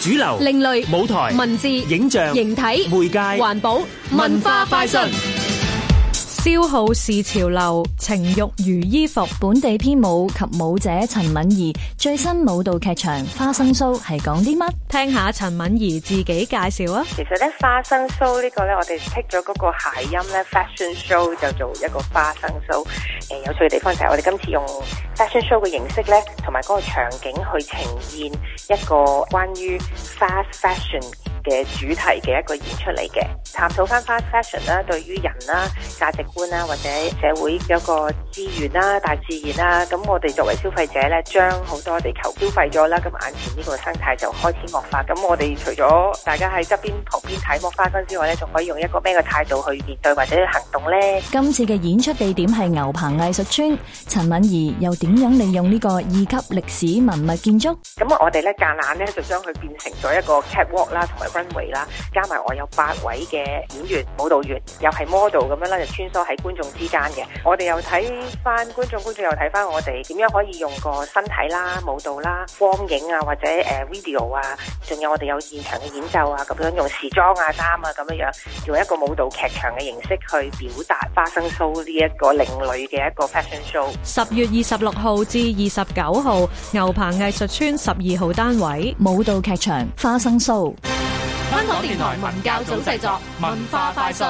主流、另類、舞台、文字、影像、形體、媒介、環保、文化、快訊。消耗是潮流，情欲如衣服。本地編舞及舞者陳敏儀最新舞蹈劇場《花生酥》係講啲乜？聽下陳敏儀自己介紹啊。其實咧，《花生酥》呢個咧，我哋剔咗嗰個諧音咧，fashion show 就做一個花生 show。誒、呃，有趣嘅地方就係我哋今次用 fashion show 嘅形式咧，同埋嗰個場景去呈現一個關於 fast fashion。嘅主題嘅一個演出嚟嘅，探索翻花 fashion 啦，對於人啦、價值觀啦，或者社會有一個資源啦、大自然啦，咁我哋作為消費者咧，將好多地球消費咗啦，咁眼前呢個生態就開始惡化。咁我哋除咗大家喺側邊旁邊睇剝花生之外咧，仲可以用一個咩嘅態度去面對或者行動呢？今次嘅演出地點係牛棚藝術村，陳敏儀又點樣利用呢個二級歷史文物建築？咁我哋咧夾硬咧就將佢變成咗一個 catwalk 啦，同埋 runway 啦，加埋我有八位嘅演員、舞蹈員，又係 model 咁樣啦，就穿梭喺觀眾之間嘅。我哋又睇翻觀眾，觀眾又睇翻我哋點樣可以用個身體啦、舞蹈啦、光影啊，或者誒 video 啊，仲有我哋有現場嘅演奏啊，咁樣用時裝啊、衫啊咁樣樣，用一個舞蹈劇場嘅形式去表達花生酥呢一個另類嘅一個 fashion show。十月二十六號至二十九號，牛棚藝術村十二號單位舞蹈劇場花生酥。香港電台文教組製作《文化快訊》。